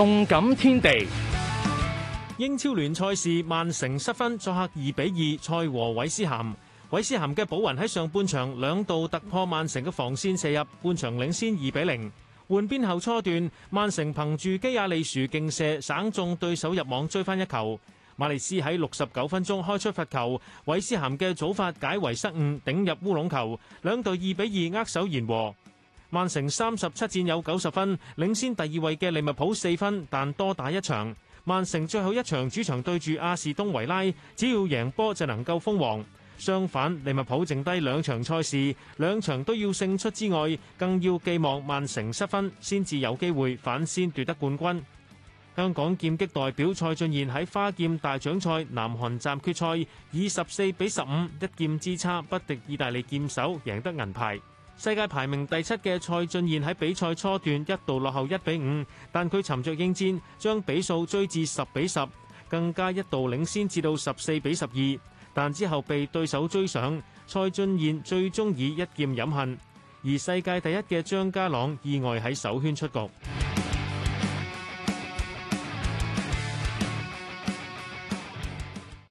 動感天地，英超聯賽事，曼城失分，作客二比二賽和韋斯咸。韋斯咸嘅保雲喺上半場兩度突破曼城嘅防線射入，半場領先二比零。換邊後初段，曼城憑住基亞利殊勁射省中對手入網追翻一球。馬列斯喺六十九分鐘開出罰球，韋斯咸嘅早發解圍失誤頂入烏龍球，兩隊二比二握手言和。曼城三十七戰有九十分，領先第二位嘅利物浦四分，但多打一場。曼城最後一場主場對住阿士東維拉，只要贏波就能夠封王。相反，利物浦剩低兩場賽事，兩場都要勝出之外，更要寄望曼城失分，先至有機會反先奪得冠軍。香港劍擊代表蔡俊賢喺花劍大獎賽南韓站決賽，以十四比十五一劍之差不敵意大利劍手，贏得銀牌。世界排名第七嘅蔡俊彥喺比賽初段一度落後一比五，但佢沉着應戰，將比數追至十比十，更加一度領先至到十四比十二，但之後被對手追上，蔡俊彥最終以一劍飲恨。而世界第一嘅張家朗意外喺首圈出局。